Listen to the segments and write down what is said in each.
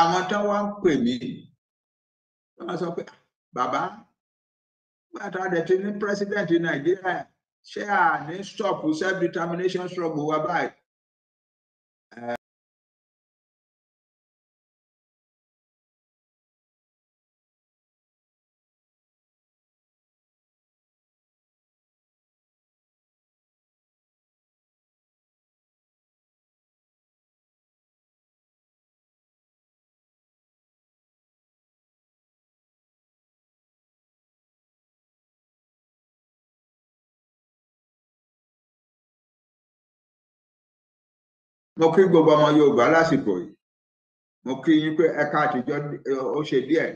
àwọn tó wá ń pè mí wọ́n sọ pé ah, bàbá nígbà tá a dẹ̀ ti ní president nàìjíríà ṣé à ní stop self determination struggle wa báyìí mo kí gbogbo ọmọ Yorùbá lásìkò yìí mo kí yín pé ẹ̀ka àtijọ́ ó ṣe díẹ̀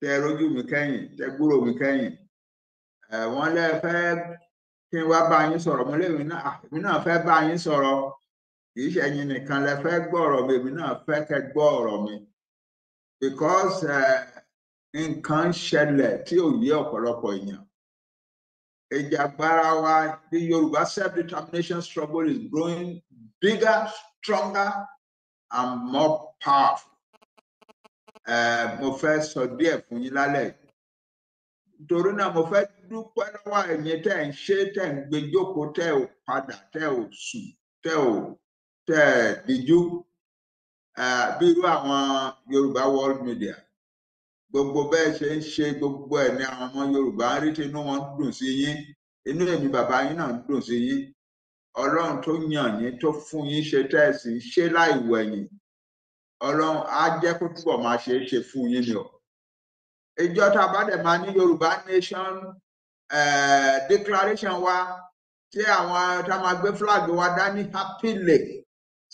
tẹ rojú mi kẹ́yìn tẹ gbúrò mi kẹ́yìn ẹ wọn lẹ fẹ́ kí n wá bá yín sọ̀rọ̀ mo lémi náà èmi náà fẹ́ bá yín sọ̀rọ̀ kì í ṣe ẹ̀yin nìkan lẹ fẹ́ gbọ́ ọ̀rọ̀ mi èmi náà fẹ́ kẹ́ gbọ́ ọ̀rọ̀ mi because nǹkan ṣẹlẹ̀ tí ò yé ọ̀pọ̀lọpọ̀ èèyàn ìjàgbara wa the Yorùbá self-determination struggle is growing bigger, stronger, and more powerful. Mo fẹ́ sọ díẹ̀ fún yín lálẹ́ yìí. Torí náà mo fẹ́ dúpẹ́ lọ́wọ́ ẹ̀yin tẹ́ ń ṣe tẹ́ ń gbé jókòó tẹ́ ò padà tẹ́ ò sùn tẹ́ ò tẹ́ díjú. Bí irú àwọn Yorùbá World Media gbogbo bẹ́ẹ̀ ṣe ń ṣe gbogbo ẹ̀ ní àwọn ọmọ Yorùbá ń rí tinú wọn dùn sí yín inú èmi bàbá yín náà dùn sí yín ọlọ́run tó yàn yín tó fún yín ṣe tẹ́ẹ̀sì ṣe láì wẹ̀yìn ọlọ́run á jẹ́ kó túbọ̀ máa ṣe é ṣe fún yín ni o ìjọ tá a bá dẹ̀ máa ní yorùbá nation eh, declaration wa tí àwọn tá a máa gbé flag wa dání happily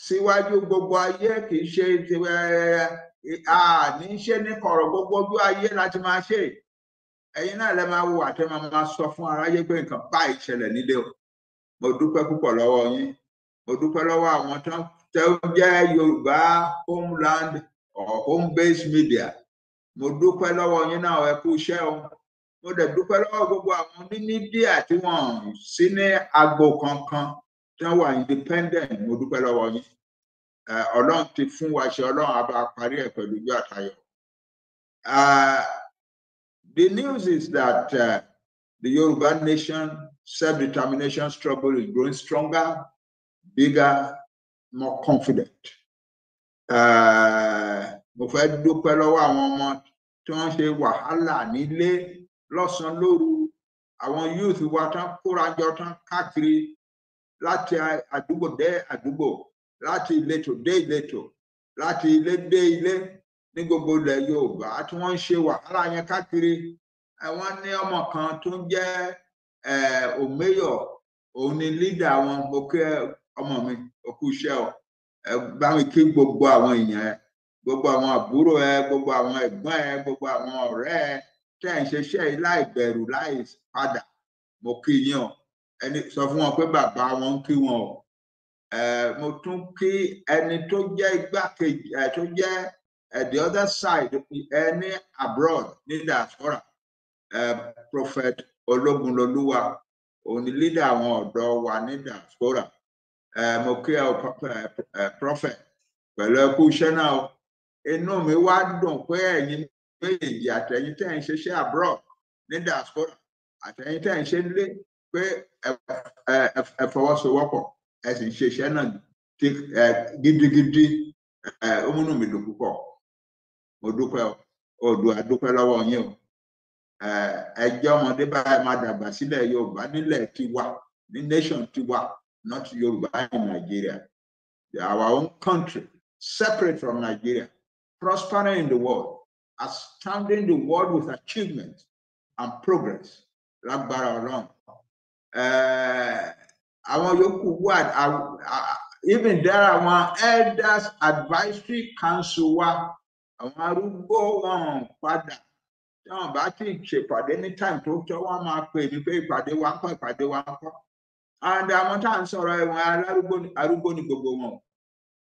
síwájú gbogbo ayé kì í ṣe àní eh, ṣe ní kọ̀rọ̀ gbogbo ojú ayé láti máa ṣe ẹ̀yin náà lè máa wo àtẹ́ máa sọ fún aráyé pé nǹkan báyìí ṣẹlẹ̀ nílé o mo dúpẹ́ púpọ̀ lọ́wọ́ yín mo dúpẹ́ lọ́wọ́ àwọn tán tẹ́ ó jẹ́ yorùbá homeland or home based media mo dúpẹ́ lọ́wọ́ yín náà ẹ kú iṣẹ́ o mo dẹ̀ dúpẹ́ lọ́wọ́ gbogbo àwọn onímídíà tí wọ́n sí ní agbo kankan tí wà independent mo dúpẹ́ lọ́wọ́ yín ọlọ́run ti fún wa ṣe ọlọ́run a bá parí ẹ̀ pẹ̀lú ojú àtayọ̀. The news is that uh, the Yoruba nation self determination struggle is growing stronger, bigger, more confident. Eh, mo fẹ́ dúpẹ́ lọ́wọ́ àwọn ọmọ tí wọ́n ṣe wàhálà nílé lọ́sàn-án lóru àwọn youth wa tán kóra jọ tán káàkiri láti àdúgbò dé àdúgbò láti ìletò dé ìletò láti ilé dé ilé ní gbogbo ilẹ̀ Yorùbá tí wọ́n ń ṣe wàhálà yẹn káàkiri. Eh, wọ́n ní ọmọ kan tó ń jẹ́ omeyo òun ni lídà wọn mo kí ọmọ mi òkú iṣẹ́ o bá mi kí gbogbo àwọn èèyàn ẹ gbogbo àwọn àbúrò ẹ gbogbo àwọn ẹ̀gbọ́n ẹ gbogbo àwọn ọ̀rẹ́ ẹ tẹ ẹ ń ṣiṣẹ́ yìí láì bẹ̀rù láì padà mo kí yín o ẹni sọ fún wọn pé bàbá wọn ń kí wọn o mo tún kí ẹni tó jẹ́ igbákejì ẹ tó jẹ́ the other side ẹni abroad ní diaspora prophet ológunlolúwa òun ni lídà àwọn ọ̀dọ́ wa ní diaspora mo kí ẹ prophet pẹ̀lú ẹkú iṣẹ́ náà o inú mi wá dùn pé ẹ̀yin méjèèjì àtẹ̀yin tẹ́ ń ṣiṣẹ́ abroad ní diaspora àtẹ̀yin tẹ́ ń ṣe nílé pé ẹ fọwọ́sowọ́pọ̀ ẹ sì ń ṣiṣẹ́ náà gidigidi ó múnú mi dùn púpọ̀ mo dúpẹ́ o Oòduà dúpẹ́ lọ́wọ́ yín o ẹjẹ ọmọdé báyìí máa dàgbà sílẹ̀ Yorùbá nílẹ̀ tiwa ní nation tiwa not Yorùbá in Nigeria our own country separate from Nigeria prospering in the world astounding the world with achievement and progress lágbára Ọlọ́run àwọn yòókù wà even there àwọn elders advisory council wa àwọn arúgbó wọn padà táwọn bá ti ṣèpàdé ní time tó tọ́ wọ́n máa pè ní pé ìpàdé wa ń kọ́ ìpàdé wa ń kọ́ and àwọn tá à ń sọ̀rọ̀ ẹ̀wọ̀n arúgbó ni gbogbo wọn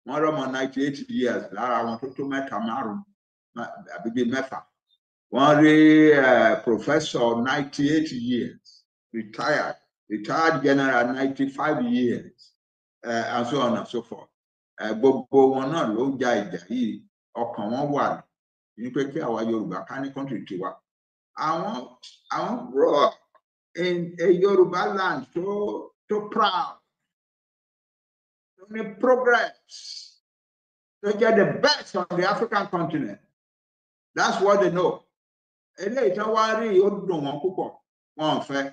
wọ́n rọ́mọ ninety eight years lára àwọn tó tó mẹ́ta márùn àbí bíi mẹ́fà wọ́n rí eh, professor ninety eight years retired retired general ninety five years eh, and so on and so forth eh, gbogbo wọn náà ló ń ja ìjà yìí ọkàn wọn wà lọ ní pé kí àwa Yorùbá ká ní kọ́ńtì tiwa àwọn àwọn rọ a Yorùbá land tó tó proud tó ní progress tó jẹ́ the best on the African continent that's what they know eléyìí tó wá rí ó dùn wọn púpọ̀ wọn ò fẹ́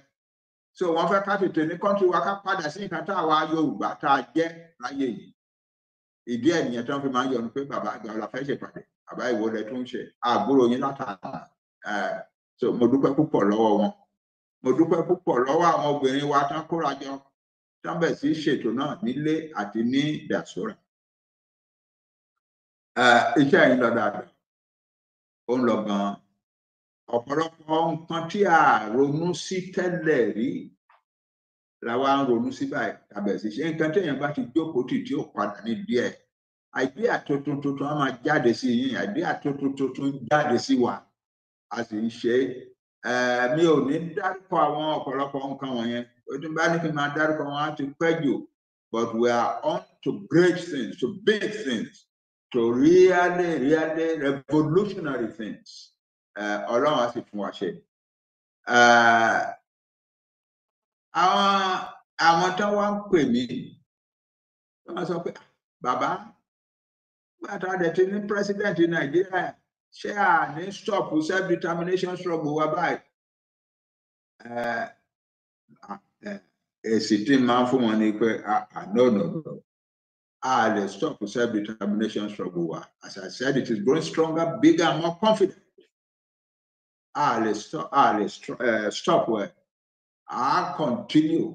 so wọn fẹ́ ká tètè ní kọ́ńtì wa ká padà sí nǹkan tá àwa Yorùbá tá a jẹ́ láyé yìí ìdí ẹ̀ nìyẹn tó ń fi máa ń yọnu pé bàbá àgbà ọ̀la fẹ́ ṣèpàdé àbá ìwò rẹ tó ń ṣe àgbúrò yín látàná so mo dúpẹ́ púpọ̀ lọ́wọ́ wọn mo dúpẹ́ púpọ̀ lọ́wọ́ àwọn obìnrin wa tán kóra jọ tán bẹ̀ sí ṣètò náà nílé àti ní dàsóra iṣẹ́ yìí lọ dáadáa ó ń lọ gan-an ọ̀pọ̀lọpọ̀ nǹkan tí a ronú sí tẹ́lẹ̀ rí làwa ń ronú sí báyìí àbẹ̀sí ṣe nǹkan téèyàn bá ti jókòó tì tí ò padà ní díẹ̀ àìdíà tuntun tuntun á máa jáde sí yín àìdíà tuntun tuntun jáde sí wa a sì ń ṣe é mi ò ní dárúkọ àwọn ọ̀pọ̀lọpọ̀ nǹkan wọ̀nyẹn ojú bá ní kí n máa dárúkọ wọn á ti pẹ́ jù but we are on to great things to big things to really really revolutionary things ọlọ́run á sì fún wa ṣe. àwọn àwọn tó wá ń pè mí wọ́n sọ pé ah, bàbá bàtà rẹ̀ ti ní president nàìjíríà ṣé à ní stop self determination struggle wa báyìí èsì tí máa ń fún wọn ni pé ànọ́nà a lè stop self determination struggle wa as I said it is growing stronger bigger and more confident a lè stop a lè stop well a continue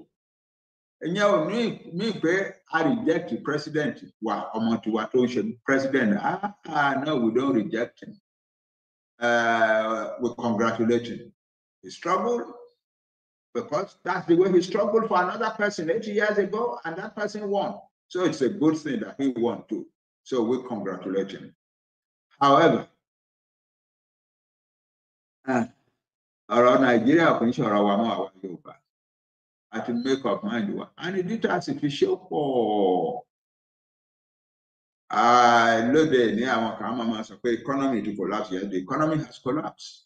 ìyẹn ò ní mí pé I reject the president. Wow, ọmọ tiwa tó president. Ah, ah, no, we don't reject him. Uh, we congratulate him. He struggled because that's the way he struggled for another person 80 years ago, and that person won. So it's a good thing that he won too. So we congratulate him. However, our ah. Nigeria kò ń ṣọ̀rọ̀ our mọ́ àwọn Yorùbá at make up mind wa and it is fi ṣe pọ̀ lóde ní àwọn kan máa ma sọ pé economy to collapse yẹn the economy has collapsed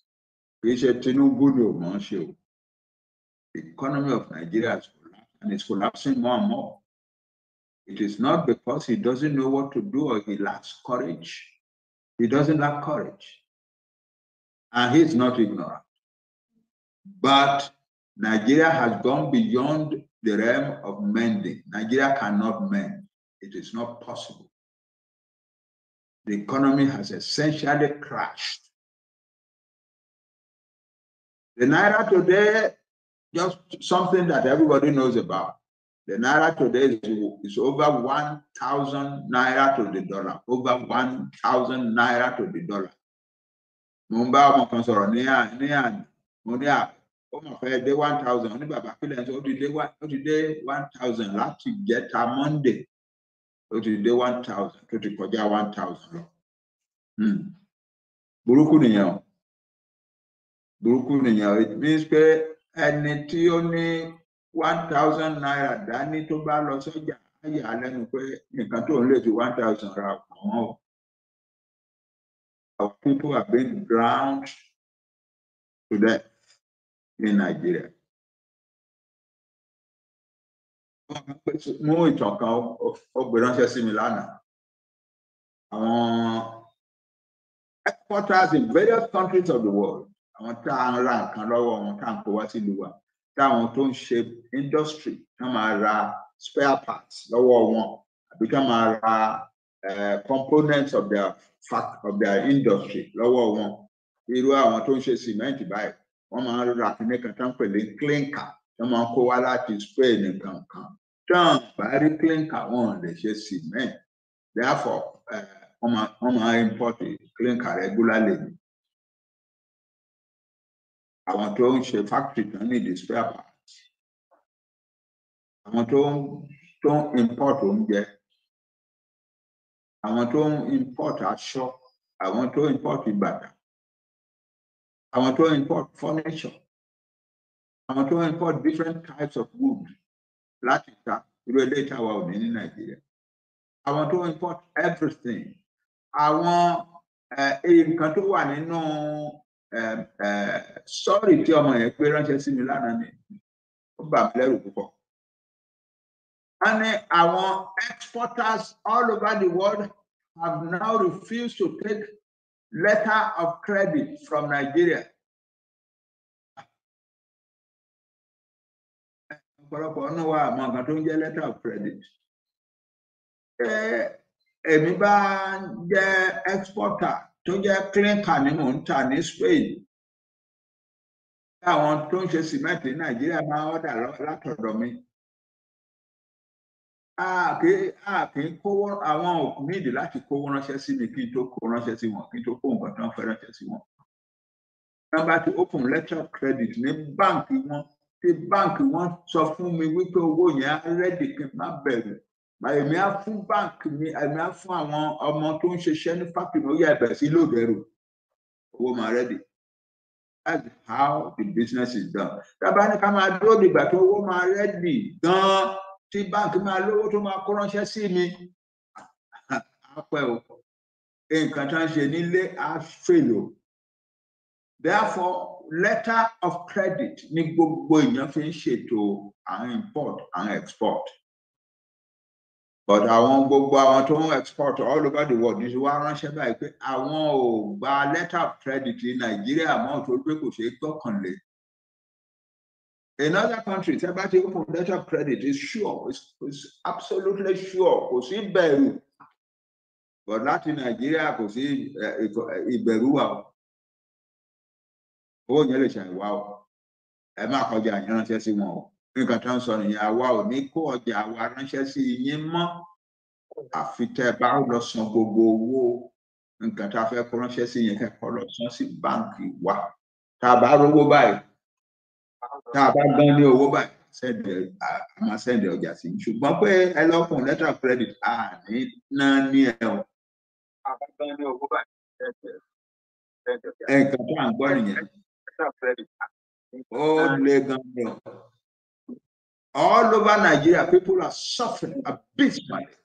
It's a ṣe good. ni man show. the economy of Nigeria has collapsed and it's collapsing more and more it is not because he doesn't know what to do or he lacks courage he doesn't lack courage and he's not ignorant but Nigeria has gone beyond the realm of mending. Nigeria cannot mend. It is not possible. The economy has essentially crashed. The Naira today, just something that everybody knows about. The Naira today is, is over 1,000 Naira to the dollar, over 1,000 Naira to the dollar. Mumbai, ó mọ̀ dé one thousand ní bàbá pílẹ̀ ó ti dé ó ti dé one thousand láti jẹta monday ó ti dé one thousand tó ti kọjá one thousand lọ hmm. burúkú nìyẹn o burúkú nìyẹn o it means pé ẹni tí ó ní one thousand naira dání tó bá lọ sọ́jà ayé alẹ́nu pé nǹkan tó ń lè fi one thousand ra ọ̀hún o our people have been drowned to death. In Nigeria, mú ìtàn kan ó gbé ránṣẹ́ sí mi lánàá àwọn headquarters in various countries of the world àwọn tá à ń ra nǹkan lọ́wọ́ wọn tá à ń kó wá sílùú wa táwọn tó ń ṣe industry tá máa ra spare parts lọ́wọ́ wọn àbí tá máa ra eh, components of their fact of their industry lọ́wọ́ wọn irú àwọn tó ń ṣe cement báyìí wọ́n máa ń ra kíní kan tán pèlè clinker tí wọ́n máa ń kó wá láti Spain nǹkan kan tán bá rí clinker wọn lè ṣe cement therefore eh, wọ́n máa ń import clinker regularly àwọn tó ń ṣe factory tán ní the spare parts àwọn tó ń tó ń import oúnjẹ àwọn tó ń import aṣọ àwọn tó ń import bàtà want to import furniture I want to import different types of wood láti ta irú eléyìí táwa ò ní ní nàìjíríà àwọn import everything I want tó wà nínú No, sorry, ọmọ yẹn pé ránṣẹ́ sí mi lánàá ni ó bà mí lẹ́rù púpọ̀. exporters all over the world have now refused to take letter of credit from Nigeria. ọ̀pọ̀lọpọ̀ ọ̀nà wa àmọ́ nǹkan tó ń jẹ́ letter of credit. èmi bá ń jẹ́ exporter tó jẹ́ clinker ni mò ń tà ní Spain. àwọn tó ń ṣe cement ní Nàìjíríà máa ń ọ̀dà látọ̀dọ̀ mi àkè àkè kówó àwọn òkú nídìí láti kówó ránṣẹ́ sí mi kí n tó kó ránṣẹ́ sí wọn kí n tó kó nǹkan tó ń fẹ́ ránṣẹ́ sí wọn. nọ́mbà tí open letter of credit ní báǹkì wọn tí báǹkì wọn sọ fún mi wípé owó yẹn á rẹ́dì kí n má bẹ̀rù èmi á fún báǹkì mi èmi á fún àwọn ọmọ tó ń ṣiṣẹ́ ní fákìmì ó yà bẹ̀rẹ̀ sí lóòdẹ̀rù owó máa rẹ́dì. That's how the business is done. Tábà ní ká máa dúró dìgbà tó owó máa rẹ́dì gan-an tí báńkì máa lówó tó máa kó ránṣẹ́ sí mi apẹ o nǹkan tí wọ́n ṣe nílé á therefore letter of credit ní gbogbo èèyàn fi ń ṣètò àwọn import àwọn export but àwọn gbogbo àwọn tó ń export all over the world ní wá ránṣẹ́ báyìí pé àwọn ò gba letter of credit ní nàìjíríà mọ́ tó gbé kò ṣeé gbọ́kànlé in other countries tẹ́ bá ti open letter of credit is sure It's is absolutely sure kò in bẹ̀rù but not in Nigeria. sí in eh, eh, wa o owó yẹn lè ṣàìwá o ẹ má kọjá yẹn ránṣẹ́ sí wọn o nǹkan tó ń sọ nìyẹn àwa ò ní kó ọjà wa ránṣẹ́ sí yín mọ́ àfi tẹ́ bá lọ san gbogbo owó nǹkan tá a fẹ́ kó ránṣẹ́ sí yẹn kẹ́kọ̀ọ́ lọ san sí báǹkì wa tá a bá rówó tá a bá gan ní owó báyìí sẹ́ndì àmọ́ sẹ́ndì ọjà sí ṣùgbọ́n pé ẹ lọ́kùn letter of credit à ní náà ní ẹ o. ẹ̀ka tó à ń gbọ́ nìyẹn. ó lé gan ni o. all over Nigeria people are suffering abysmally.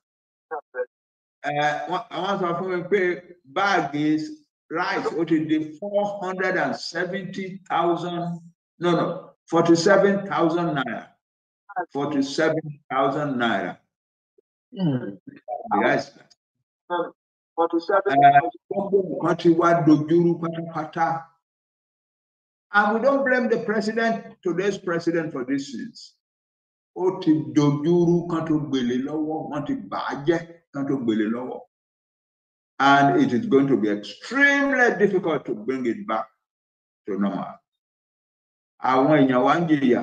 àwọn sọ fún mi pé báàgì rice ó ti di four hundred and seventy thousand no no 47,000 naira. 47,000 naira. Mm. Yes. What hmm. you uh, and we don't blame the president, today's president, for these things. And it is going to be extremely difficult to bring it back to normal. àwọn èèyàn wa ń jìyà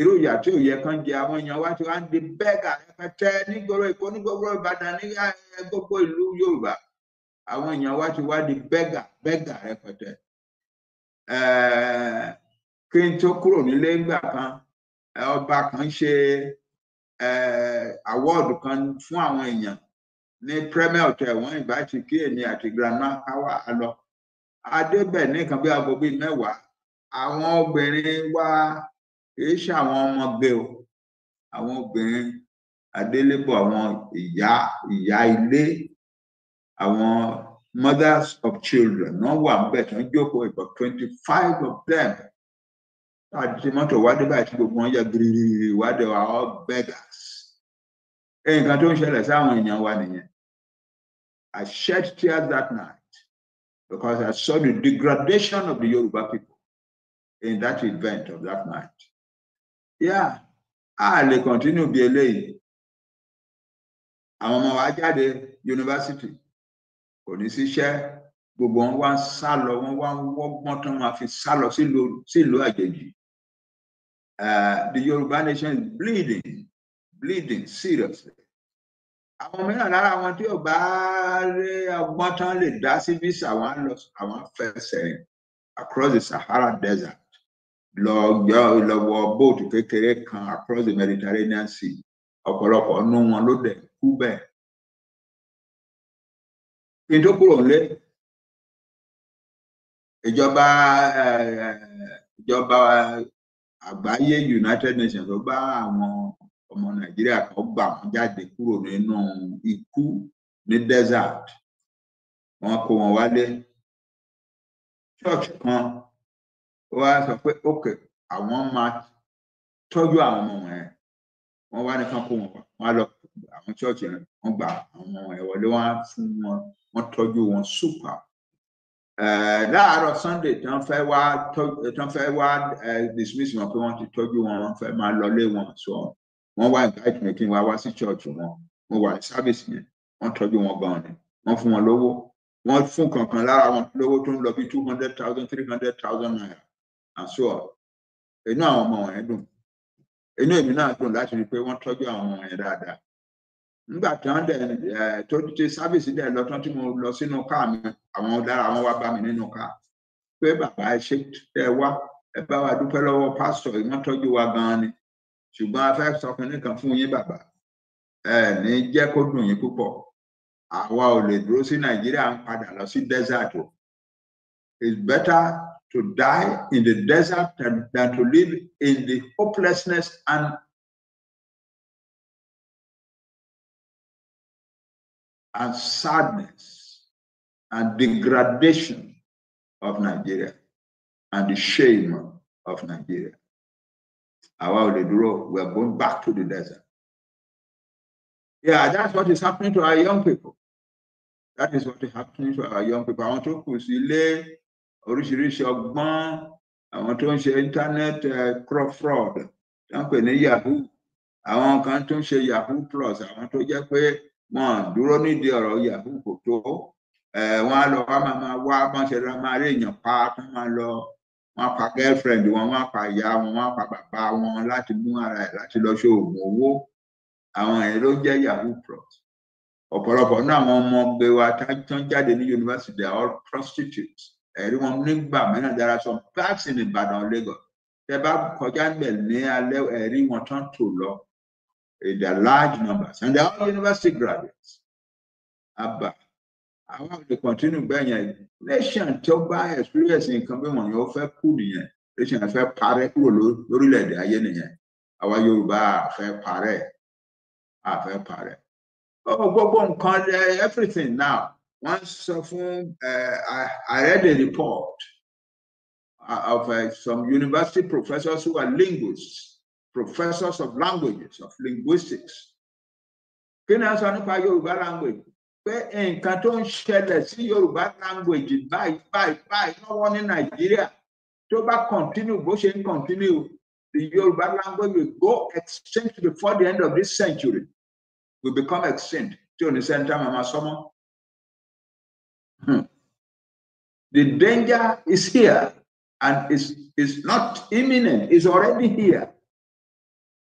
irú ìyà tí ò yẹ kán jẹ àwọn èèyàn wa ti wá ń di bẹ́ẹ̀gà rẹpẹtẹ nígboro Èkó nígboro Ìbàdàn ní gbogbo ìlú Yorùbá àwọn èèyàn wa ti wá di bẹ́ẹ̀gà bẹ́ẹ̀gà n tó kúrò nílé kan ọba kan ṣe kan fún àwọn èèyàn ní premier hotel wọn ìbá ti kí èmi àti grandma káwá lọ adébẹ̀ àwọn obìnrin wa kìí ṣe àwọn ọmọge o àwọn obìnrin adélébọ̀ àwọn ìyá ìyá ilé àwọn mothers of children náà wà níbẹ̀ tó ń jókòó about twenty five of them láti mọ́tò wádìí báyìí tí gbogbo wọn yẹ gírígírí wádìí wa all beggars nǹkan tó ń ṣẹlẹ̀ sáwọn èèyàn wa nìyẹn I shed tears that night because I saw the degradation of the Yoruba people in that event of that night. Yeah, I lè continue bí eléyìí. Àwọn ọmọ wa jáde yunifásitì kò ní síṣẹ́ gbogbo wọn wá ń sá lọ wọn wá ń wọ́gbọ́n tán wọn fi sá lọ sílùú àjèjì. Eh, the Yoruba nation is bleeding bleeding seriously. Àwọn mìíràn lára àwọn tí ò bá rí ọgbọ́n tán lè dá sí visa àwọn fẹsẹ̀ across the Sahara desert lọ gbọ́ lọ wọ bóòtù kékeré kan across the Mediterranean Sea ọ̀pọ̀lọpọ̀ nú wọn ló dẹ̀ kú bẹ́ẹ̀. kí n tó kúrò nílé ìjọba eh, ìjọba àgbáyé United Nations ló bá àwọn ọmọ Nàìjíríà kan gbà wọn jáde kúrò nínú ikú ní desert wọn kó wọn wálé church kan ó wá sọ pé ok àwọn máa tọ́jú àwọn ọmọ wọn yẹn wọ́n wá nìkan kó wọn wá lọ àwọn chọ́ọ̀chì yẹn wọ́n gba àwọn ọmọ wọn yẹn wọlé wọ́n fún wọn wọ́n tọ́jú wọn súpà láàárọ̀ sunday tán fẹ́ wá tán fẹ́ wá dismiss wọn pé wọ́n ti tọ́jú wọn wọ́n fẹ́ máa lọlé wọn sọ wọ́n wá invite mi kí n wá wá sí church wọn mo wà ní service yẹn wọ́n tọ́jú wọn gan ni wọ́n fún wọn lówó wọ́n fún kankan lára wọn lówó tó ń lọ bí two hundred thousand three hundred thousand naira àṣọ inú àwọn ọmọ wọ̀nyẹn dùn inú èmi náà dùn láti rí i pé wọ́n tọ́jú àwọn ọmọ yẹn dáadáa nígbà tí wọ́n dẹ̀ eh, tó ti sábìsì dẹ̀ lọ́tọ́ tí mo lọ sínú káà mi àwọn dára àwọn wá bá mi nínú káà pé bàbá ẹ ṣe ẹ wá ẹ bá wa dúpẹ́ lọ́wọ́ pásítọ̀ yìí wọ́n tọ́jú wa gan-an ni ṣùgbọ́n a fẹ́ sọ kinní kan fún yín bàbá ẹ ní jẹ́ kó dùn yín púpọ̀ àwa ò lè dúró sí nàìjíríà ń padà lọ sí desert it's better to die in the desert than, than to live in the hopelessness and and sadness and degradation of Nigeria and the shame of Nigeria. Our Odeduro, we are going back to the desert. Yeah, that's what is happening to our young people. That is what is happening to our young people. I want to oríṣiríṣi ọgbọ́n àwọn tó ń ṣe internet eh, crop fraud tó ní yahoo àwọn kan tó ń ṣe yahoo plus àwọn tó jẹ́ pé wọ́n dúró nídìí ọ̀rọ̀ yahoo kò tó eh, wọ́n á lọ wá máa máa wá wọ́n ṣe ra máa rí èèyàn pa wọ́n máa lọ wọ́n pa girlfriend wọn wọ́n pa ìyá wọn wọ́n pa bàbá wọn láti mú ara ẹ̀ láti lọ ṣe oògùn owó àwọn ẹ̀ ló jẹ́ yahoo plus ọ̀pọ̀lọpọ̀ náà àwọn ọmọ ọgbẹ́ wa tán jáde ní yunifásitì they are all prostitutes ẹ̀rí wọn nígbà mìíràn there are some parks in Ìbàdàn Lagos tẹ bá kọjá ńbẹ̀ ní alẹ́ ẹ̀rí wọn tán tò lọ in their large numbers and they are all university graduates àbá àwọn àti continue bẹ́ẹ̀ yẹn nation tí ó bá experience nǹkan bí wọ̀nyẹn ó fẹ́ kú nìyẹn nation fẹ́ parẹ́ kúrò lórílẹ̀‐èdè ayé nìyẹn àwa Yorùbá àfẹ́ parẹ́ àfẹ́ parẹ́ oh gbogbo nǹkan eh, everything now Once uh, I, I read a report uh, of uh, some university professors who are linguists, professors of languages, of linguistics. Kí ni a sọ nípa Yorùbá language? Pé nǹkan tó ń ṣẹlẹ̀ sí Yorùbá language báyìí báyìí báyìí lọ́wọ́ ní Nàìjíríà tó bá continue bó ṣe ń continue the Yorùbá language will go extinct before the end of this century will become extinct tí ò ní sẹ́ńtà màmá sọ́mọ́. Hmm. The danger is here and is is not imminent, it's already here.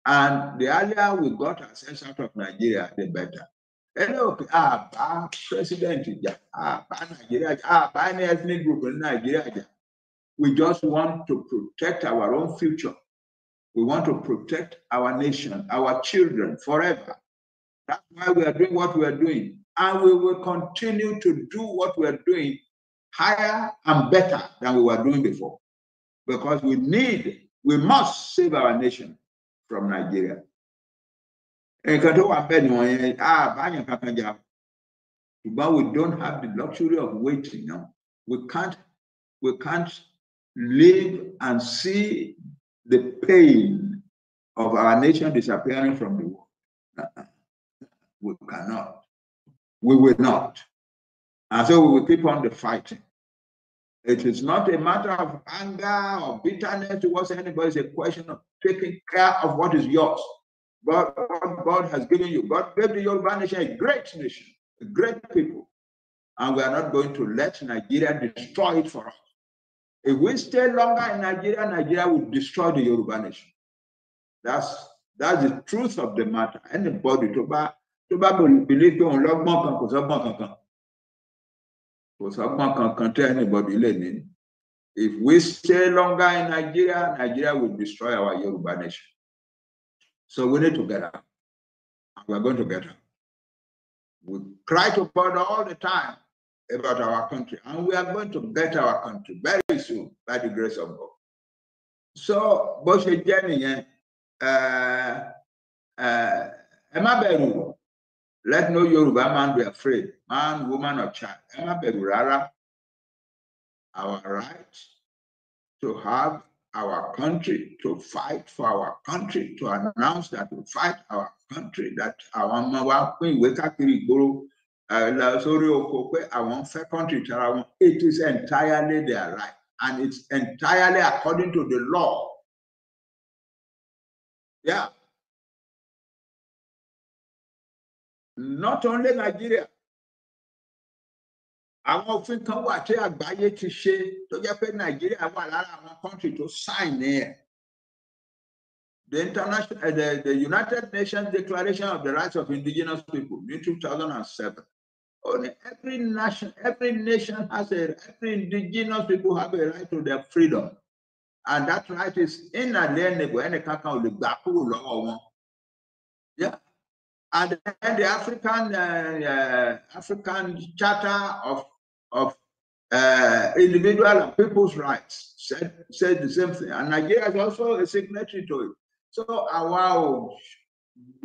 And the earlier we got ourselves out of Nigeria, the better. ah, àbá president ah, àbá Nigeria, ah, àbá any ethnic group in Nigeria. We just want to protect our own future. We want to protect our nation, our children forever. That's why we are doing what we are doing and we will continue to do what we are doing higher and better than we were doing before. Because we need, we must save our nation from Nigeria. Nǹkan tó wà bẹ́ẹ̀ we don't have the luxury of waiting now. We can't, we can't live and see the pain of our nation disappearing from the world. Uh-uh. We cannot. We will not. And so we will keep on the fighting. It is not a matter of anger or bitterness towards anybody. It's a question of taking care of what is yours. God, God, God has given you. God gave the Yoruba nation a great nation, a great people. And we are not going to let Nigeria destroy it for us. If we stay longer in Nigeria, Nigeria will destroy the Yoruba nation. That's, that's the truth of the matter. Anybody to buy tó bá bèlè pé òun lọ́gbọ́n kan kò sọ́gbọ́n kankan kò sọ́gbọ́n kankan tẹ́ anybody lè ní. If we stay longer in Nigeria, Nigeria will destroy our Yoruba nation. So we need to get out. We are going to get out. We cry to God all the time about our country, and we are going to get our country very soon by the grace of God. So, bó ṣe jẹ́ nìyẹn, eh, eh, ẹ má bẹ̀rù Let no Yoruba man be afraid, man, woman, or child. Ẹ má Our right to have our country, to fight for our country, to announce that we fight our country, that our ọmọ wa pín ìwé káàkiri ìgboro lọ sórí oko pé àwọn country It is entirely their right and it's entirely according to the law. Yeah. not only Nigeria àwọn òfin kan wà tí àgbáyé ti ṣe tó jẹ́ pé Nigeria, wà lára àwọn country tó sign ní ẹ̀ the international eh, the, the United Nations Declaration of the Rights of Indigenous People ní two thousand and seven only every nation every nation has a every indigenous people have a right to their freedom and that right is inalienable ẹnì kankan ò lè gbà kúrò lọ́wọ́ wọn yeah and then the African uh, uh, African Charter of of uh, Individual and People's Rights said said the same thing, and Nigeria is also a signatory to it. So our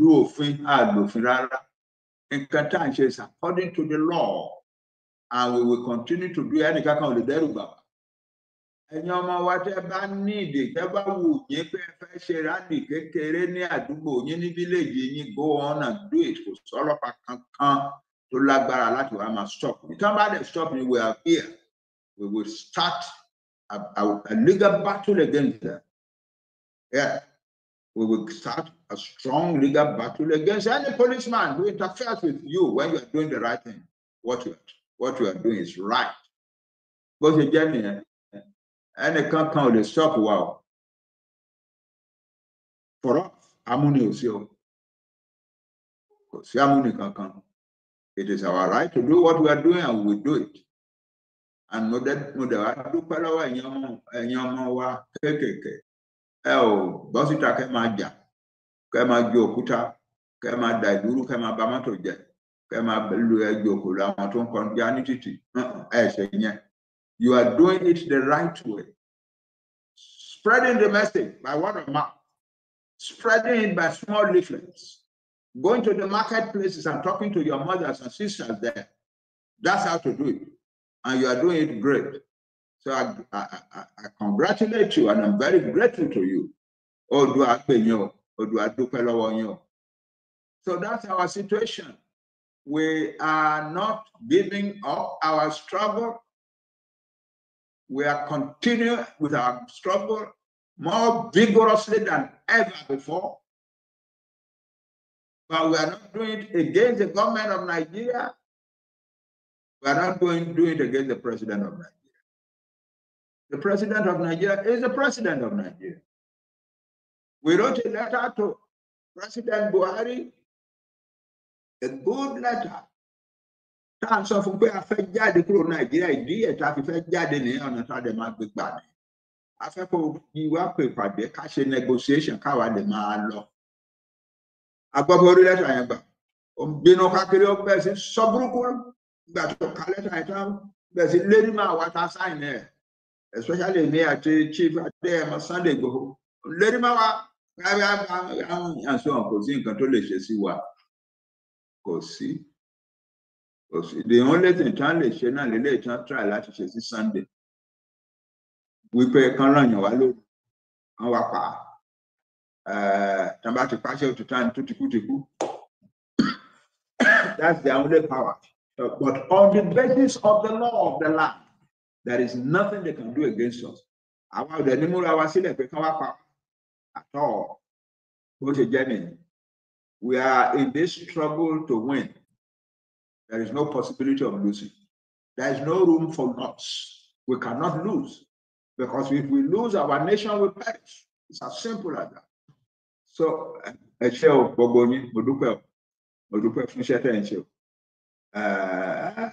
ò in òfin is according to the law, and we will continue to do any kind of lè dẹ́rù ẹ̀yin ọmọ wa tẹ́ bá ní ìdè tẹ́ bá wù yín pé ẹ fẹ́ ṣe rádì kékeré ní àdúgbò yín ní fíléèjì yín go on and do it kò sọ́lọ́pàá kankan tó lágbára láti wàá máa stop ní tí wọ́n bá dẹ̀ stop ni we are here we will start a, a, a legal battle against them yeah we will start a strong legal battle against any policeman who interferes with you when you are doing the right thing what you are, what you are doing is right bó ṣe jẹ́ nìyẹn ẹnìkan kan ò lè ṣọ́ọ̀kù wa o fọ̀rọ̀ amúni ò sí o kò sí amúni kankan it is our right to do what we are doing and we do it and mo dẹ mo dẹ wá dúpẹ́ lọ́wọ́ ẹ̀yin ọmọ ẹ̀yin ọmọ wa kéékèèké ẹ ò bọ́ síta kẹ́ máa jà kẹ́ máa ju òkúta kẹ́ máa da ìdúró kẹ́ máa bà mọ́tò jẹ́ kẹ́ máa lu ẹjọ́ òkú làwọn tó ń kọjá ní títì ẹ ṣe yẹn You are doing it the right way. Spreading the message by word of mouth, spreading it by small leaflets, going to the marketplaces and talking to your mothers and sisters there. That's how to do it. And you are doing it great. So I, I, I, I congratulate you and I'm very grateful to you. So that's our situation. We are not giving up our struggle we are continuing with our struggle more vigorously than ever before. But we are not doing it against the government of Nigeria. We are not going doing it against the president of Nigeria. The president of Nigeria is the president of Nigeria. We wrote a letter to President Buhari, a good letter, tá à ń sọ fún pé a fẹ́ jáde kúrò nàìjíríà ìdí ẹ̀ tá a fi fẹ́ jáde ní ọ̀nà tá a dẹ̀ máa gbé gbà ní afẹ́fọ́ ìwà pè pàdé ká ṣe negotiation káwa lè máa lọ agbọ́bọ̀ orí lẹ́tà yẹn gbà bínú kákiri ó bẹ̀ sí sọ́búrúkú gbà tó ka lẹ́tà yẹn tán bẹ̀ sí lérí máa wá tá a sáìn ẹ̀ especially èmi àti chief adéyẹmọ Sunday Igboho lérí máa wá káyọ̀ àwọn àṣọ kò sí nǹkan tó lè ṣe sí wa kò sí the only thing tán lè ṣe náà lélẹ́yìí tán try láti ṣe sí Sunday wípé kán ràyàn wá lóru kán wá pa eh, tán bá ti pàṣẹ òtútù àti tó ti kú ti kú that's the only power but on the basis of the law of the land there is nothing they can do against us àwa ò dẹ̀ ní múra wa sílẹ̀ pé kán wá pa at all bó ṣe jẹ́ nìyí we are in this struggle to win. There is no possibility of losing. There is no room for loss. We cannot lose because if we lose, our nation will perish. It's as simple as that. So, ẹ ṣé o Modupe, Modupe mo dúpẹ́ o mo dúpẹ́ fún iṣẹ́ tẹ́ ẹ ń ṣe o.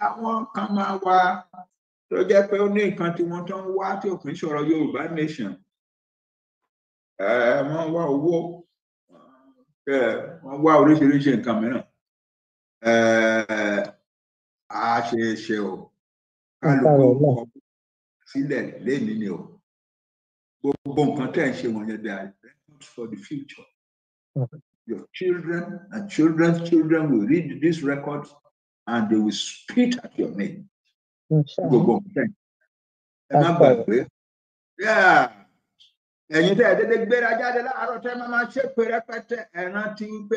Àwọn kan máa wá tó jẹ́ pé ó ní nǹkan tí wọ́n tó ń wá tí òpin sọ̀rọ̀ ṣe é ṣe o kálukú ọkọ sílẹ̀ lẹ́ni ni o gbogbo nǹkan tẹ̀ ń ṣe wọ̀nyẹn they are records for the future your children and children's children will read these records and they will spit at your name gbogbo nǹkan tẹ̀ ẹ má gbàgbé yeah ẹ̀yin tẹ́ ẹ dédé gbéra jáde láàárọ̀ tẹ́ máa máa ṣépè rẹpẹtẹ ẹ rántí wípé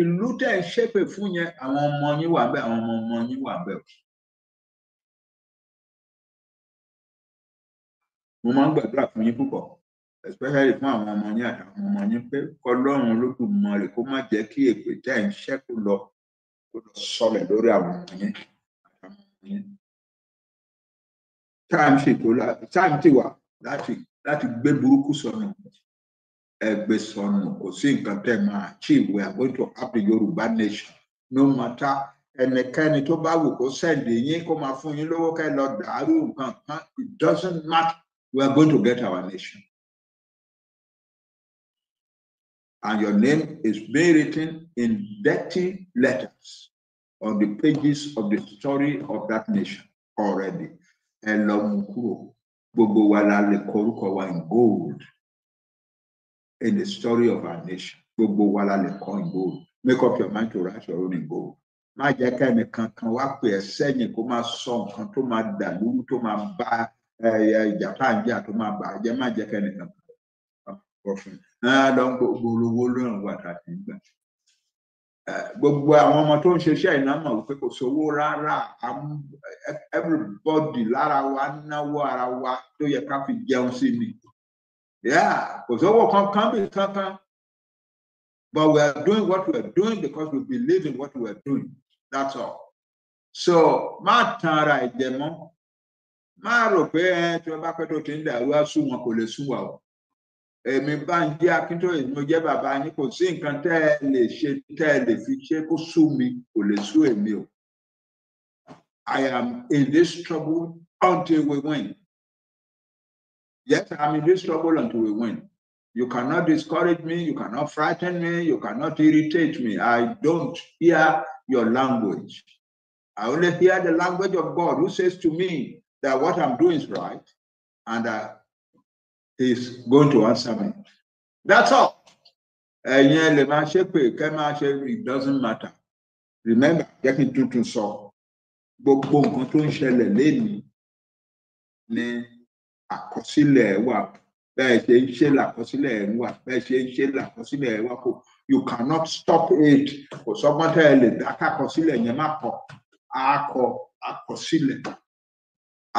ìlú tẹ́ ń ṣépè fún yẹn àwọn ọmọ yín wà bẹ́ẹ̀ àwọn ọmọ ọmọ yín wà bẹ́ẹ̀ o. mo máa ń gbàdúrà fún yín púpọ̀ especially fún àwọn ọmọ yín àtàwọn ọmọ yín pé kọlọ́run Olódùmarè kó má jẹ́ kí èpè tẹ́ ń ṣẹ́kù lọ kó lọ sọlẹ̀ lórí àwọn ọmọ yín àtàwọn ọmọ yín. táàmù sì wà láti láti gbé burúkú sọnù ẹgbẹ sọnù kò sí nǹkan tẹ máa achieve we are going to help the yorùbá nation no matter ẹnikẹ́ni tó bá wù kó sẹ́ǹdì yín kó máa fún yín lówó kẹ́ lọ dàárù nǹkan kan it doesn't matter we are going to get our nation. And your name is being written in dirty letters on the pages of the story of that nation already. Ẹ gbogbo wa la lè kọ wa in gold in the story of our nation gbogbo wa la lè kọ in gold make up your mind to write your own in gold má jẹ́ ká ẹnìkan kan wá pè ẹ́ sẹ́yìn kó máa sọ nǹkan tó máa dà lóru tó máa bá ìjà tá à ń jà tó máa bà á jẹ́ má jẹ́ ká ẹnìkan kan wá pọ̀ lọ gbogbo olówó lóhùn wà tàbí gbà Eh, gbogbo àwọn ọmọ tó ń ṣiṣẹ́ iná mọ̀ wípé kò sówó rárá everybody lára wa náwó ara wa tó yẹ ká fi jẹun sí ni kò sówó kankan bí kankan but we are doing what we are doing because we believe in what we are doing that's all so má tan ara ẹ̀jẹ̀ mọ́ má rò pé ẹ eh, tí wọ́n bá pẹ́ tó ti ń dàrú á kò lè sún o èmi Bánjí jẹ́ bàbá yín kò sí tẹ́ lè ṣe tẹ́ lè fi ṣe kó sú mi kò lè sú èmi o I am in this trouble until we win yes I am in this trouble until we win you cannot discourage me you cannot frighten me you cannot irritate me I don't hear your language I only hear the language of God who says to me that what I'm doing is right and that. Uh, is going to answer me. That's all. Ẹ̀yin lè máa ṣe pé kẹ́ máa ṣe it doesn't matter. Remember, jẹ́ kí n tuntun sọ. Gbogbo nǹkan tó ń ṣẹlẹ̀ lénìí ni àkọsílẹ̀ wà. Bẹ́ẹ̀ ṣe ń ṣe làkọsílẹ̀ ẹ̀ ń wà. Bẹ́ẹ̀ ṣe ń ṣe làkọsílẹ̀ ẹ̀ wà kò. You cannot stop it. Kò sọ́gbọ́n tẹ́ ẹ lè dá kákọsílẹ̀ yẹn má kọ. Akọ àkọsílẹ̀.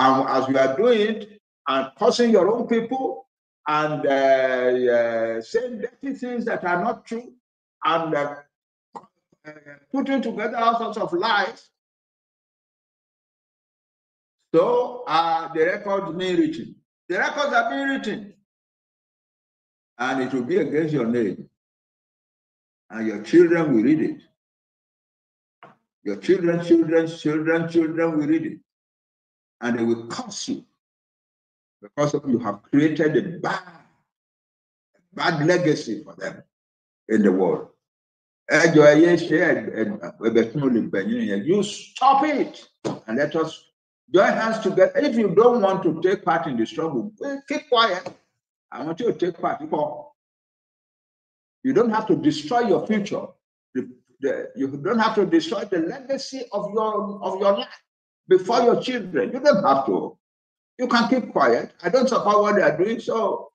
And as you are doing it and causing your own people and uh, saying dirty things that are not true and uh, putting together all sorts of lies. So the records being written. The records are being written. And it will be against your name. And your children will read it. Your children, children, children, children will read it. And they will curse you because of you have created a bad, bad legacy for them in the world. You stop it and let us join hands together. If you don't want to take part in the struggle, keep quiet. I want you to take part. You don't have to destroy your future. you don't have to destroy the legacy of your of your life before your children. You don't have to. You can keep quiet. I don't support what they are doing, so.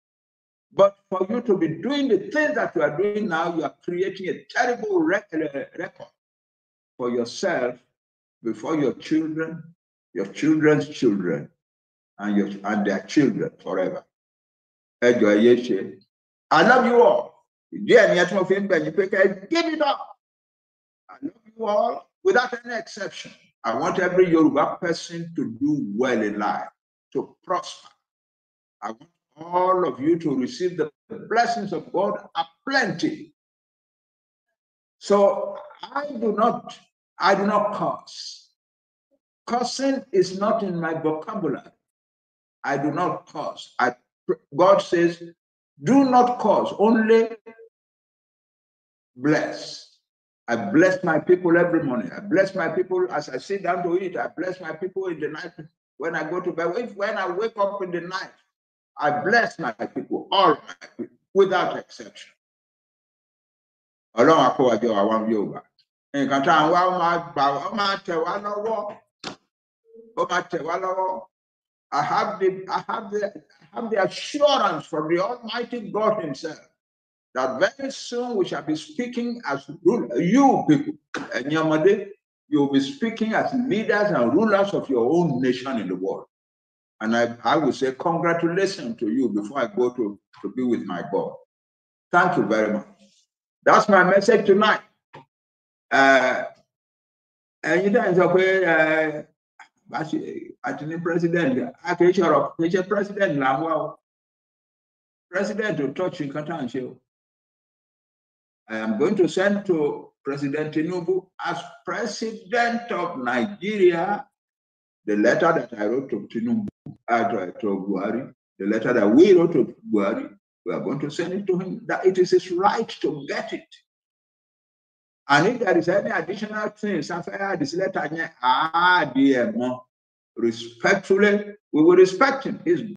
But for you to be doing the things that you are doing now, you are creating a terrible record for yourself, before your children, your children's children, and your and their children forever. I love you all. Give it up. I love you all without any exception. I want every Yoruba person to do well in life to prosper. I want all of you to receive the blessings of God aplenty. So I do not, I do not curse. Cursing is not in my vocabulary. I do not curse. I, God says, do not curse, only bless. I bless my people every morning. I bless my people as I sit down to eat. I bless my people in the night when I go to bed, if when I wake up in the night, I bless my people, all my people, without exception. Along akọ́wájọ àwọn Yorùbá. Nǹkan tá à ń wá ó máa máa tẹ̀ wá lọ́wọ́. Ó máa tẹ̀ wá lọ́wọ́. I have the I have the I have the assurance from the Almighty God Himself that very soon we shall be speaking as you people, and your mother. you'll be speaking as leaders and rulers of your own nation in the world. And I, I will say congratulations to you before I go to, to be with my God. Thank you very much. That's my message tonight. Uh, ẹyin dẹ́n sọ pé àti ní president a kì í ṣọ̀rọ̀ president là well, president to touch in tá à I am going to send to President Tinubu as president of Nigeria the letter that I wrote to Tinubu, I to, to Buhari, the letter that we wrote to Buhari, we are going to send it to him, that it is his right to get it. And if there is any additional things after this letter, respectfully, we will respect him. He's